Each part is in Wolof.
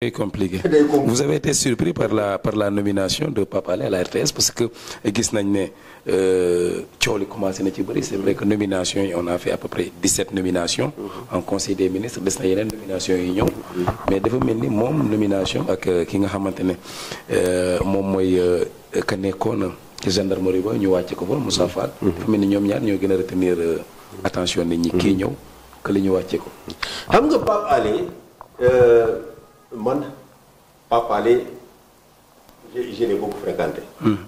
C'est compliqué. Vous avez été surpris par la nomination de Pape Alé à la RTS parce que eh, gis nañ ne euh, coow li commencé na ci bëri c'est vrai que nomination yi on a fait à peu près 17 nominations mhm. en conseil des ministre des na yeneen nomination yi ñëw mais dafa mel ni moom nomination ak euh, ki nga xamante ne euh, moom mooy ka nekkoon ci gendarmerie ba ñu wàcc ko ba Moussa mhm. Fall mhm. dafa mel ni ñoom ñaar ñoo gën a retenir attention nit ñi kii ñëw que ñu wàccee ko xam nga Pape man Pape Alé je hmm.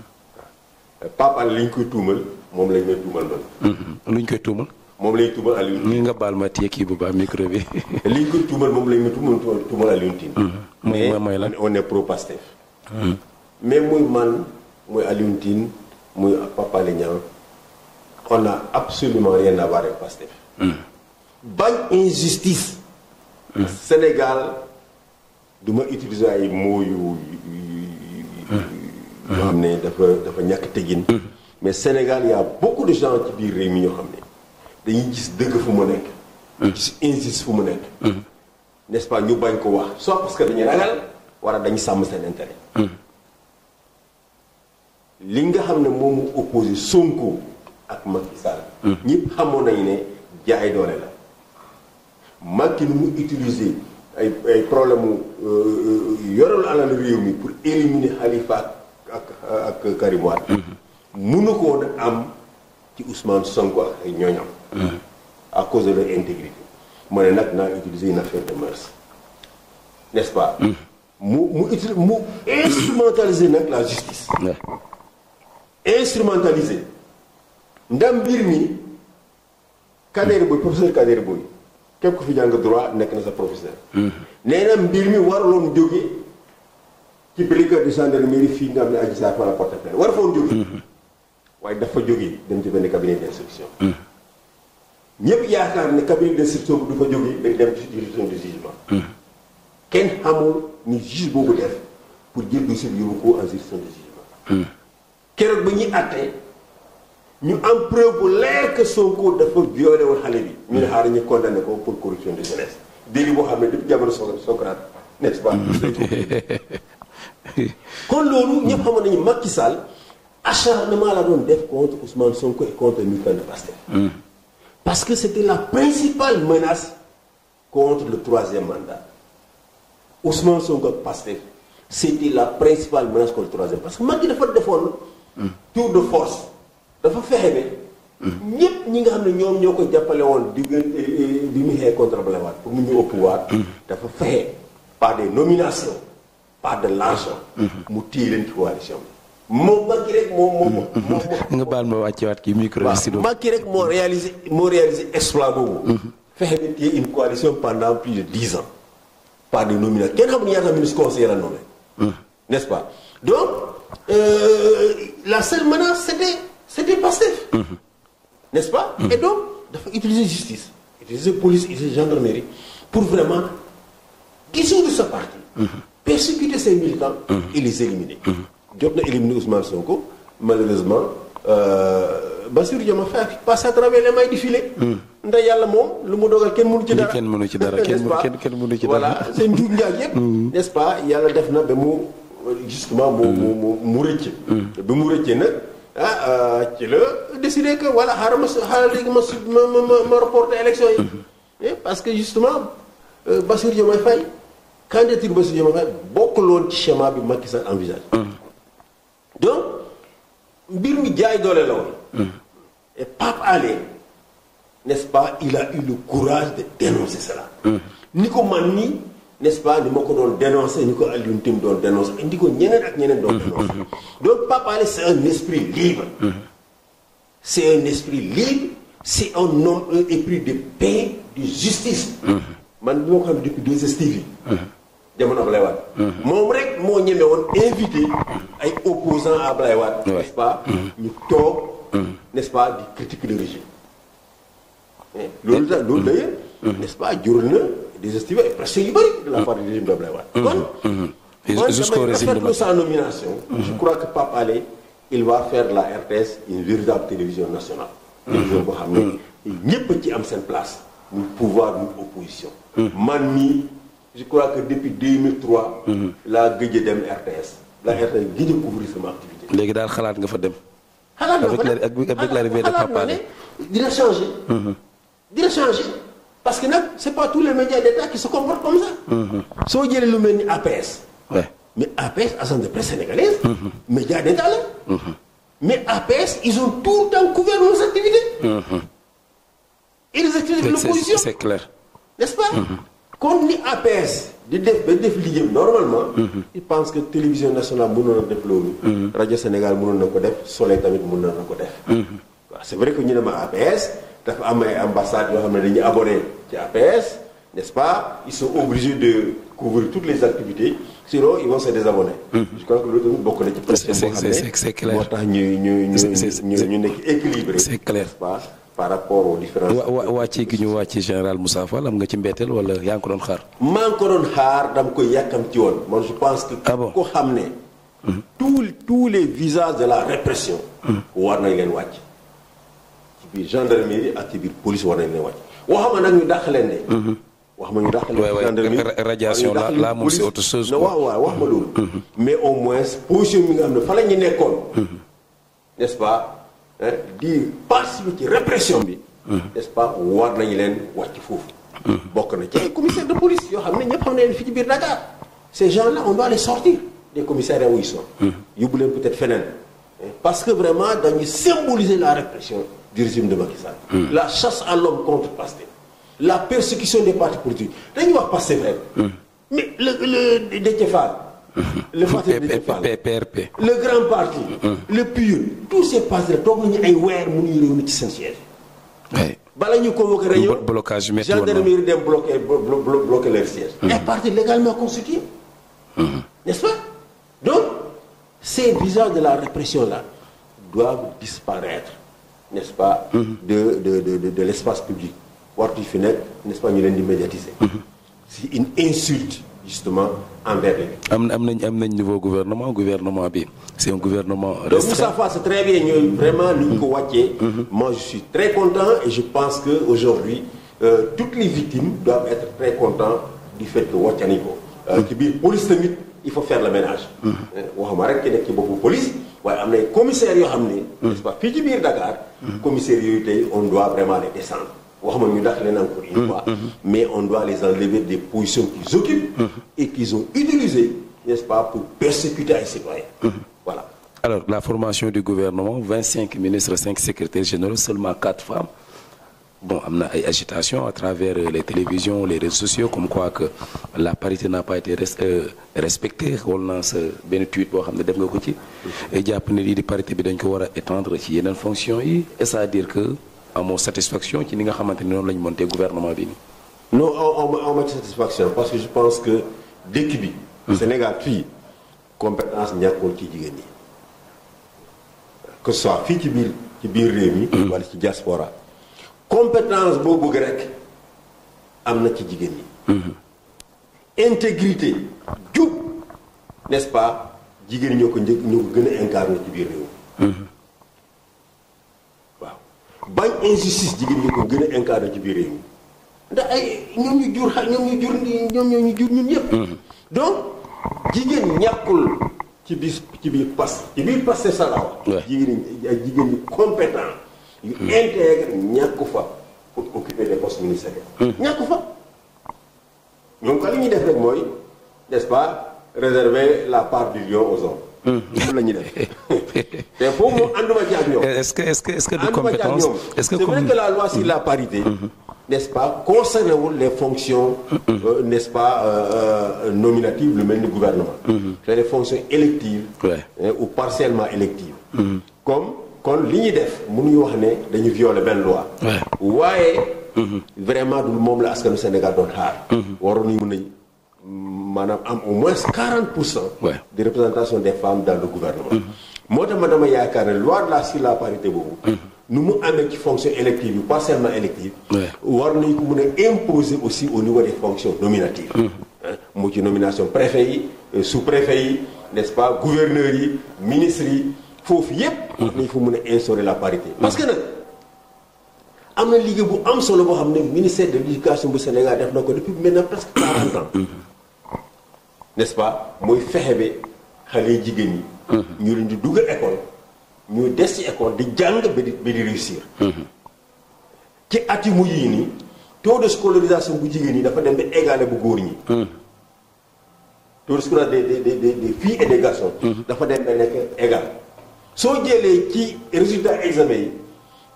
koy tuumal moom lañ may tuumal man. Hmm. lu ñu koy tuumal. moom lañ tuumal Alioune Tine. nga baal ma téye kii bu baax micro bi. li ñu koy tuumal moom lañ tuumal tuumal Alioune Tine. mooy hmm. mooy lan on pro Pastef. mais muy man muy Alioune Tine muy Pape Alé on a absolument rien à voir avec Pastef. bañ injustice. Sénégal. du ma utiliser ay mots yu. yoo xam ne dafa dafa ñàkk tegin. Mm-hmm. mais Sénégal y' a beaucoup de ci biir réew mi ñoo xam ne dañuy gis dëkk fu mu nekk. Mm-hmm. gis injustice fu mu nekk. Mm-hmm. nest ñu bañ ko wax soit parce que dañuy ragal wala dañu sàmm seen intérêt. li nga xam ne moom mu opposé Sonko ak Macky Sall. ñëpp xamoon nañu ne jaay doole la. Macky nu mu utiliser. ay ay problème mu euh, yorelu alal réew mi pour éliminer Khalifa ak ak Karim Wade. mënu mm-hmm. ko woon am ci Ousmane Sonko ak ay ñooñam. Mm-hmm. à cause de leur intégrité. ma nag naa utiliser une affaire de mœurs nest pas. Mm-hmm. mu mu utile mu instrumentaliser nag la justice. instrumentaliser. ndam mbir mi Kader Boye professeur Kader Boye. képp ku fi jàng droit nekk na sa professeur. Mhm. nee na mbir mi waraloon jóge ci brigade de gendarmerie fii nga xam ne Adji Sarr fa la porté plainte war foon jóge. Mhm. waaye dafa jóge dem ci benn cabinet d' instruction. Mhm. ñëpp yaakaar ne cabinet d' instruction bu du fa jóge day dem ci juridiction du jugement. kenn xamul ni juge boobu def pour jël dossier bi yóbbu ko en juridiction du jugement. keroog ba ñuy àttee. ñu am preuve bu leer que Sonko dafa violé woon xale bi. ñu ne xaaral ñu condamné ko pour corruption de jeunesse délit boo xam ne jamono Socrate n'est-ce pas. kon loolu la doon def contre Ousmane Sonko et contre militants de Pastef. Hmm. parce que c'était la le troisième mandat Ousmane Sonko ak Pastef c'était la principale menace contre parce que Macky dafa defoon. Hmm. tour de force. dafa fexe ba. ñëpp ñi nga xam ne ñoom ñoo ko jàppale woon diggante eh, bi eh, mu xee contre Ablaye pour mu ñu ëpp waat. dafa fexe par des nominations par de l'argent. mu téye leen ci coalition bi. moom Macky rek moo moo moo. nga baal ma wàcceewaat kii micro bi si. waaw Macky rek moo réalisé moo réalisé exploit boobu. Mm-hmm. fexe ba téye une coalition pendant plus de dix ans. par des nominations kenn xamul ñaata ministre conseiller la nommé. Mm-hmm. n'est-ce pas donc euh, la seule menace c'était c'était Pastef mhm. n'est-ce pas mhm. et donc dafa utiliser justice utiliser police utiliser gendarmerie pour vraiment dissoudre sa parti mhm. persécuter ses militants et les éliminer jot na éliminer Ousmane Sonko malheureusement euh, Bassirou a Faye passe à travers les mailles du ndax yàlla moom lu mu dogal kenn mënu ci dara kenn mënu ci dara kenn mënu ci dara voilà c'est njuuj njaaj yëpp pas yàlla def na ba mu euh, justement mu mu mu rëcc bi mu rëccee nag ah euh, ci la décidé que voilà xaaral ma su xaaral léegi ma su ma ma ma reporté élection yi. Mhm. Eh, parce que justement euh, Bassirou Diomaye Faye candidature Bassirou Diomaye Faye bokkul woon ci schéma bi Macky Sall envisage. Mhm. donc mbir mi jaay doole la woon. Mhm. Pape Alé nest pas il a eu le courage de dénoncer cela. ni ko man nii. n'est-ce pas ni ma ko doon dénoncé ñu ko Alioune Tine doon dénoncé indi ko ñeneen ak ñeneen doon dénoncé mm-hmm. mm-hmm. donc Pape Alé c'est un esprit libre mm-hmm. c'est un esprit libre c'est un homme un esprit de paix de justice man bi ma ko xam ne depuis 2STV jamono Ablaye Wade moom rek moo ñeme woon invité ay opposants à Ablaye Wade pas ñu toog nest pas di critiquer le régime eh, loolu da loolu d'ailleurs nest pas jur na digestive ay pression yu bëri de la part du régime de Abdoulaye Wade. kon mhm, mhm. mhm. je crois que Pape Alé il va faire la RTS une véritable télévision nationale. télévision boo xam ne ñëpp ci am seen place. muy pouvoir muy opposition. man mii je crois que depuis 2003. laa gëj a dem RTS. la RTS gëj a couvrir léegi daal xalaat nga fa dem. xalaat nga fa dem avec de Pape dina changer. dina changer. parce que nag c'est pas tous les médias d'État qui se comportent mhm. soo jëlee lu mel ni APS. mais APS agence de presse sénégalaise. Mhm. média d'État la. Mhm. mais APS ils ont tout le temps couvert nos activités. et les activités nest pas. kon ni APS di def ba def liggéeyam normalement. il pense que télévision nationale mënoon na def loolu. rajo Sénégal mënoon na ko def Soleil tamit mënoon na ko def. waaw c'est vrai que ñu ne ma APS. dafa am ay ambassades xam ne dañuy abonné ci APS n'est-ce pas ils sont obligés de couvrir toutes les activités sinon ils vont se désabonner. Mm-hmm. je crois que loolu tamit bokk na ci pression boo xam moo tax ñu ñu ñu ñu nekk équilibré. c'est clair n'est-ce pas par rapport aux différences. wa wàccee gi ñu wàccee général Moussa am nga ci mbetteel wala yaa ngi ko doon xaar. maa ngi ko doon xaar dama koy yàkkam ci woon man je pense que. Ah ko xam ne. Mm-hmm. tous tous les visages de la répression. Mm-hmm. war nañ leen wàcc. biir gendarmerie ak ci biir police war nañ ne wàcc waxama nag ñu dàq leen de. Mhm. wax ma ñu dàq leen gendarmerie radiation la la moom c'est autre chose. waaw waaw wax ma mhm. loolu. Mhm. mais au moins position bi nga xam ne fa la ñu nekkoon. n'est-ce pas di participer ci répression bi. n'est-ce pas war nañu leen wàcc foofu. bokk na ci ay commissaire de police yoo xam ne ñëpp xam nañu fi ci biir Dakar ces gens-là on doit les sortir des commissariats où ils sont. yóbbu leen peut-être feneen. parce que vraiment dañu symboliser la répression. du de Macky la chasse à l'homme contre Pastef. la persécution des partis politiques dañuy wax Pastef rek. mais le le Déthié Fall. le Fatick Déthié le grand parti. le PUR tous ces partis toog nañu ay weer mënuñu réew mi ci seen bala ñu convoqué réunion blocage météo de dem bloqué bloqué leur siège. les partis légalement constitués. n'est-ce pas donc ces visages de la répression là doivent disparaître. n'est-ce pas de de de de l'espace public wartuñ fi nekk nest ñu leen di médiatiser c'est une insulte justement envers les am na am nañ am nañ niveau gouvernement gouvernement bi c'est un gouvernement donc Moussa Fall très bien ñooy vraiment ni ñu ko wàccee moi je suis très content et je pense que aujourd'hui euh, toutes les victimes doivent être très contents du fait que wàcce ko euh, ci biir police tamit il faut faire le ménage euh, waxuma rek ki nekk ci boppu police waaye am na commissaire yoo xam ne. n'est-ce pas fii ci Dakar. commissaire on doit vraiment les descendre. waxuma ñu ndax leen encore mais on doit les enlever des positions qu'ils occupent. et qu'ils ont utilisées n'est-ce pas pour persécuter ay citoyens. voilà. alors la formation du gouvernement 25 ministres 5 secrétaires généraux seulement 4 femmes. bon am na ay agitation à travers euh, les télévisions les réseaux sociaux comme quoi que la parité n'a pas été euh, respectée xool naa sa benn tweet boo xam ne def nga ko ci jàpp ne lii di parité bi dañ ko war a étendre ci yeneen fonction yi et c'est-à-dire que amoo satisfaction ci ni nga xamante ne noonu la ñu monté gouvernement bi nii non amoo satisfaction parce que je pense que dëkk bi hmm. Sénégal fii compétence ñàkkul ci jigéen ñi que ce soit fii ci biir ci biir réew mi hmm. wala ci diaspora compétence boobu bëgg rek am na ci jigéen ñi. Mhm. intégrité jub n'est-ce pas jigéen ñoo ko njëkk ñoo ko gën a incarné ci biir réew. Mhm. waaw bañ injustice gën a incarné ci biir réew ndax ay ñoom ñu jur xa ñoom ñu jur ñun ñëpp. Mhm. donc jigéen ñàkkul ci biir ci biir ci biir pas c'est ça la wax. jigéen ñi ay yu intègre ñàkku fa pour occuper des postes ministériels. Hmm. ñàkku fa ñoom ko li ñuy def rek mooy n'est-ce pas réserver la part du lion aux hommes. moom hmm. la ñuy def te foofu moom ànduma ci ak est-ce que la loi sur la hmm. parité. n'est-ce pas concerne wul les fonctions. Euh, n'est-ce pas euh, euh, nominatives lu mel ni gouvernement. c'est les fonctions électives. ou partiellement électives. comme kon li ñuy def mu ñu wax ne dañu violer benn loi. waaye. Mm-hmm. vraiment du moom la askanu Sénégal doon xaar. Mm-hmm. waroon nañu mën a maanaam am au moins 40 pour cent. de représentation des femmes dans le gouvernement. Mm-hmm. moo tax ma dama yaakaar ne loi de la la parité boobu. nu mu amee ci fonction élective yi pas seulement élective. war nañu ko mën a imposer aussi au niveau des fonctions nominatives. mu ci nomination préfet yi euh, su préfet yi n'est-ce pas yi ministres yi. foofu yépp nañ fa mën a instaurer la parité parce que nag am na liggéey bu am solo boo xam ne ministère de l'éducation bu Sénégal def na ko depuis maintenant presque 40 ans n'est-ce pas mooy fexe ba xale jigéen ñi ñu leen di dugal école ñu des ci école di jàng ba di ba di réussir ci at yu mujj yi nii taux de scolarisation bu jigéen ñi dafa dem ba égalé bu góor ñi taux de scolarisation des de des filles et des garçons mm-hmm. dafa dem ba nekk égal soo jëlee ci résultat examen yi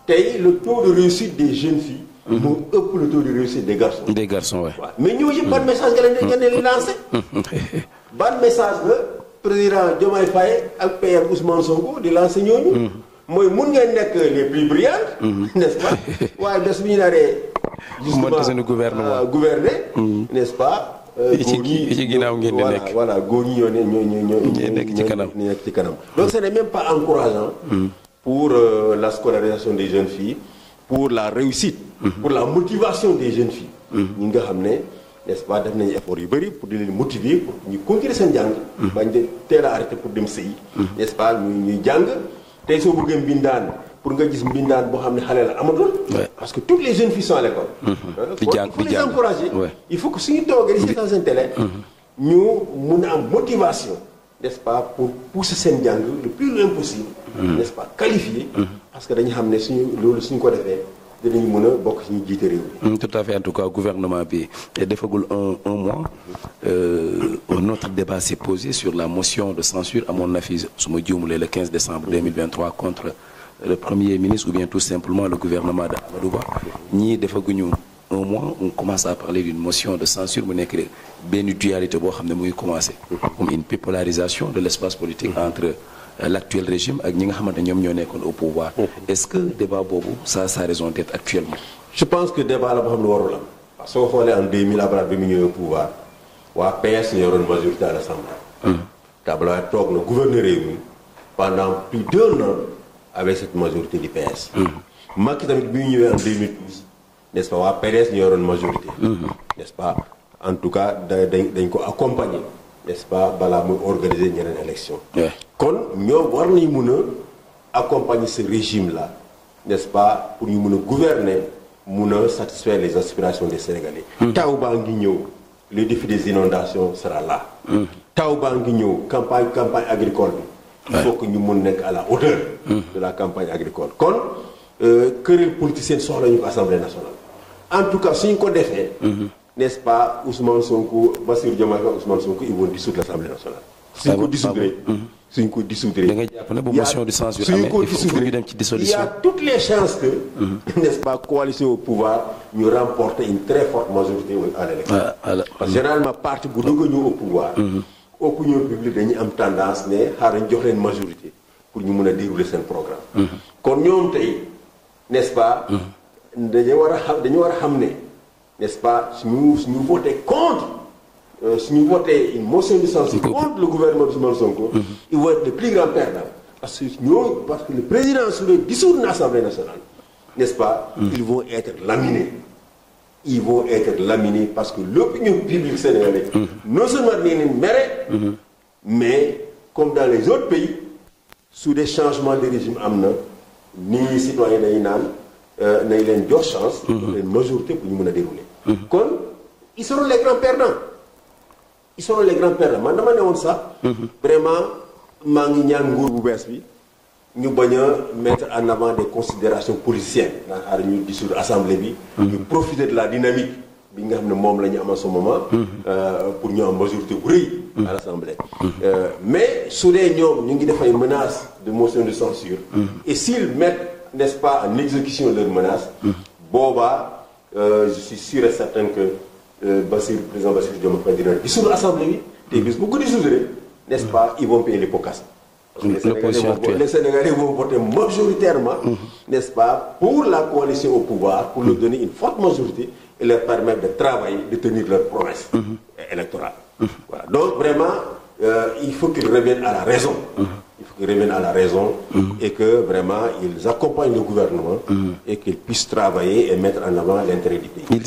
tey le taux de réussite des jeunes filles. Mhm. moo ëpp le taux de réussite des garçons. des garçons waay mais ñooñu yëpp ban mhm. message nga leen nga leen mhm. lancé. ban message la président Diomaye Faye ak PR Ousmane Sonko di lancé ñooñu. mooy mun ngeen nekk les plus brillants. n'est-ce pas waaye des bu ñu naree. justement euh, gouverner. n'est-ce pas. góor euh, ñi ci ginnaaw ngeen di nekk voilà góor ñi ñoo ne ñoo ñoo ñoo nekk ci kanam ñoo nekk ci kanam. donc ce n'est même pas encourageant. Hmm. pour euh, la scolarisation des jeunes filles. pour la réussite. Hmm. pour la motivation des jeunes filles. Hmm. ñi nga xam ne n'est-ce pas def nañu effort yu bëri pour di leen motiver pour ñu continuer seen jàng. bañ de teel a arrêté pour dem sëyi. n'est-ce pas ñuy ñuy jàng tey soo bëggee mbindaan. pour nga gis mbindaan boo xam ne xale la amatul. parce que toutes les jeunes filles sont à l'école. Mhm. di les encourager. il faut que suñu toogee di seetaan seen télé. Mhm. ñu mun a am motivation. n'est-ce pas pour pousser seen jàng le plus loin possible. Mhm. ce pas qualifié. parce que dañu xam ne suñu loolu suñu ko defee. dinañ mën a bokk si ñu jiite réew. tout à fait en tout cas gouvernement bi defagul un un mois euh, notre débat s'est posé sur la motion de censure à mon avis su ma juumulee le 15 décembre 2023 contre. le premier ministre ou bien tout simplement le gouvernement d'Amadou Ba ñii defaguñu un mois on commence à parler d'une motion de censure mu nekk benn dualité boo xam ne muy commencé comme une bipolarisation de l'espace politique entre euh, l'actuel régime ak ñi nga xamante ñoom ñoo nekkoon au pouvoir est-ce que débat boobu sa raison d'être actuellement je pense que débat la boo xam ne warul am parce que soo xoolee en 2000 Abdoulaye bi toog na avec cette majorité du PS. Macky tamit bi ñu ñëwee en 2012 n'est-ce pa waa PDS ñu yoroon majorité. n'est-ce en tout cas dañ dañ ko accompagner n'est-ce balaa mu organiser ñeneen élection. kon ñoo war nañ mun a accompagner ce régime là n'est-ce pas pour ñu mun a gouverner mun a satisfaire les aspirations des Sénégalais. Mm. taw baa ngi ñëw le défi des inondations sera là. Mm. taw baa ngi ñëw campagne campagne agricole bi. il faut que ñu mun nekk à la hauteur. de la campagne agricole kon euh, këriñ politicien soxla ñu ko assemblée nationale. en tout cas suñ ko defee. Mhm. n'est-ce pas Ousmane Sonko Bassirou Diomaye ak Ousmane Sonko ils vont dissoudre l'assemblée nationale. suñ ko dissoudre mhm. suñ ko dissoudre. da jàpp ne bu motion de censure amee il faut dem ci dissolution. a toutes les chances que. Mhm. n'est-ce pas coalition au pouvoir ñu remporter une très forte majorité à l'élection. généralement parti bu dugg ñu au pouvoir. opinion publique dañu am tendance ne xaaral jox leen majorité pour ñu mun a dérouler seen programme. Mm-hmm. kon ñoom tey n'est-ce pas. Mm-hmm. dañoo war a xam dañu war a xam ne n'est-ce pas suñu suñu voté contre euh, suñu voté une motion de censure mm-hmm. contre le gouvernement de Ousmane Sonko. il va être le plus grand perdant parce que ñoo parce que le président su dee dissoudre l'Assemblée nationale n'est-ce pas. ils vont être laminés. ils vont être laminés parce que l'opinion publique sénégalaise, mmh. non ni les mmh. mais comme dans les autres pays, sous des changements de régime, amna, ni les naan n'ont une bonne chance, une mhm. majorité pour nous dérouler. Donc, mhm. ils seront les grands perdants. Ils seront les grands perdants. Je demande sax mhm. Vraiment, maa ngi ñaan bu bees bi ñu bañ a mettre en avant des considérations politiciennes naan xaar ñu dissoudre assemblée bi. Mhm. ñu profiter de la dynamique bi nga xam ne moom la ñu am à ce mhm. euh, pour ñu am majorité bu rëy. Mhm. à l' euh, mais su dee ñoom ñu ngi def ay menaces de motion de censure et s' ils mettent n' est ce pas en exécution leur menace. boobaa euh, je suis sûr et certain que euh, Bassirou président Bassirou Diomaye Faye dina dissoudre assemblée bi te bis bu ko dissoudre n' est pas ils vont payer les L'opposition Les Sénégalais vont voter majoritairement, mm-hmm. n'est-ce pas, pour la coalition au pouvoir, pour leur mm-hmm. donner une forte majorité et leur permettre de travailler, de tenir leurs promesses mm-hmm. électorales. Donc vraiment, euh, il faut qu'ils reviennent à la raison. la raison et que vraiment ils accompagnent le gouvernement et qu'ils puissent travailler et mettre en avant l'intérêt